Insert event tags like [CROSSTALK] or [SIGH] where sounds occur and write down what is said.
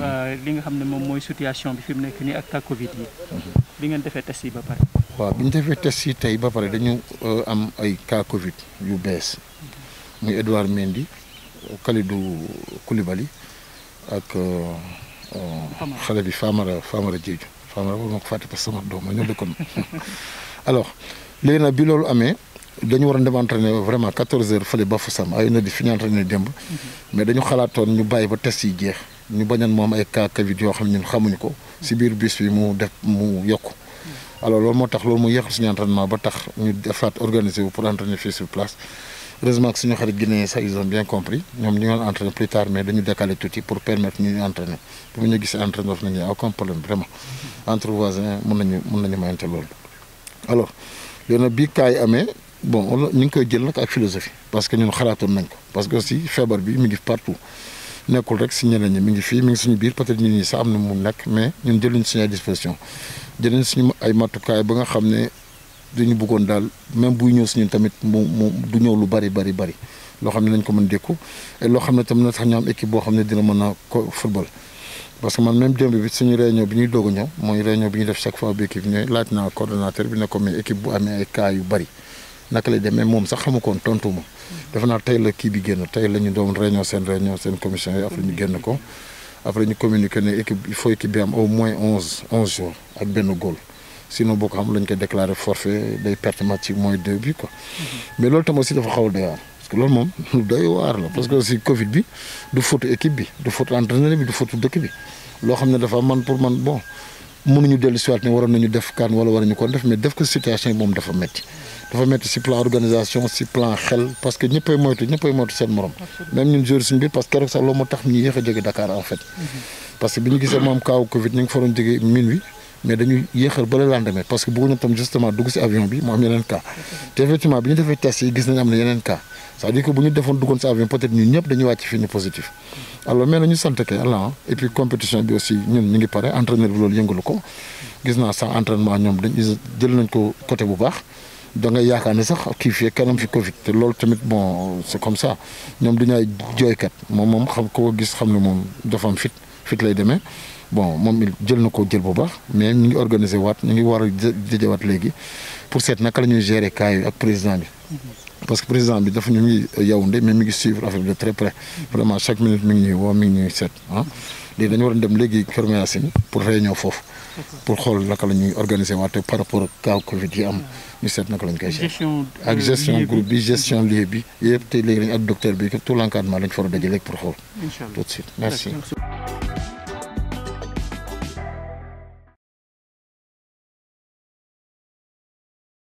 Euh, mhm. li nga xam ne moom mooy situation bi fi mu nekk nii ak cas Covid yi. Mhm. bi ngeen defee test yi ba pare. waaw bi ñu defee test yi tey ba pare dañu euh, am ay cas Covid yu bees mhm. muy Edouard Mendy Kalidou Koulibaly ak euh, xale bi Famara Famara Diédhiou Famara wala ma ko fàtte parce que sama doom la ñu dëkkoon [LAUGHS] alors léegi nag bi loolu amee. dañu waroon dem entraîné vraiment 14 heures fële ba Fossam ay na di fi ñu entraîné démb mais dañu xalaatoon ñu bàyyi ba test yi jeex ñu bañan moom ay cas Covid yoo xamuñu ko si biir bis bi mu def mu yokku alors loolu moo tax loolu mu yéexal suñu entraînement ba tax ñu defaat organisé wu pour entraîner fii sur place heureusement que suñu xarit Guinée sax ils ont bien compris ñoom ñu ngi entraîner plus tard mais dañu décaler tuuti pour permettre ñu ñu entraîner bu ñu problème vraiment entre mun nañu mayante loolu. alors léegi nag bii amee bon ñu ngi koy jël nag ak philosophie parce que ñun xalaatoon nañ ko parce que aussi feebar nekkul rek si ñeneen ñi mi ngi fii mi ngi suñu biir peut-être ñun ñi sax am na mu nekk mais ñun jëluñ suñu ay disposition jëluñ suñu ay matukaay ba nga xam ne duñu buggoon daal même buy ñëw suñu tamit mu mu du ñëw lu bari bari bari loo xam ne nañ ko mën dékku loo xam ne tam na tax ñu am équipe boo xam ne dina mën a ko football parce que man même démb bi suñu réunion bi ñuy doog ñëw mooy réunion bi ñu def chaque fois bi équipe ñooy laaj na coordonnateur bi ne ko mais équipe bu amee ay cas yu bari naka lay demee moom sax xamu koon tontu ma. defe naa tey la kii bi génn tey la ñu doon réunion seen réunion seen commission yi après ñu génn ko après ñu communiqué ne équipe il faut équipe bi am au moins onze onze jours ak benn góol sinon boo ko xam lañ koy déclaré forfait day perte match yi mooy deux bi quoi. mais loolu tam si dafa xaw a doy waar parce que loolu moom lu waar la. parce que aussi Covid bi du faute équipe bi du faute entraîneur bi du faute dëkk bi loo xam ne dafa man pour man bon mënuñu dellu si waat ne waroon nañu def kaan wala waroon nañu ko def mais def ko moom dafa métti. dafa métti si plan organisation si plan xel parce que ñëppay moytu ñëppay moytu seen morom. même ñun joueurs suñu biir parce que keroog sax loolu moo tax ñu en fait. Mm-hmm. parce que bi ngi faroon jóge minuit mais dañuy parce que bëgguñu si avion bi mu am yeneen cas. te effectivement bi ñu defee test yi gis nañ am na yeneen cas c'est-à-dire bu ñu defoon duggoon si avion peut-être ñëpp dañuy wàcc fii ñu positif. Mm-hmm. alors mais nañu sant kay Allah et puis compétition bi aussi ñun ñu ngi pare entraîneur bi loolu yëngalu ko gis naa sax entraînement da yaakaar ne sax kii fi kanam fi Covid te loolu tamit bon c'est comme ça ñoom du ñu ay jooykat moom moom xam ko gis xam ne moom dafa fit fit lay demee bon moom il jël na ko jël bu baax mais ñu ngi organiser waat ñu ngi war a jëjewaat léegi pour seet naka la ñuy gérer cas yi ak président bi. parce que président bi dafa ñu ngi Yaoundé mais mi ngi suivre affaire bi de très près vraiment chaque minute mi ngi ñuy woo mi ngi ñuy seet ah léegi dañu war a dem léegi Kër Mayacine pour réunion foofu. pour xool naka la ñuy organiser waate par rapport ak Covid yi am ñu seet naka la ñu koy ak gestion groupe bi gestion lieu bi yëpp te léegi lañ ak docteur bi tout l' encadrement la ñu fa war a dajale pour xool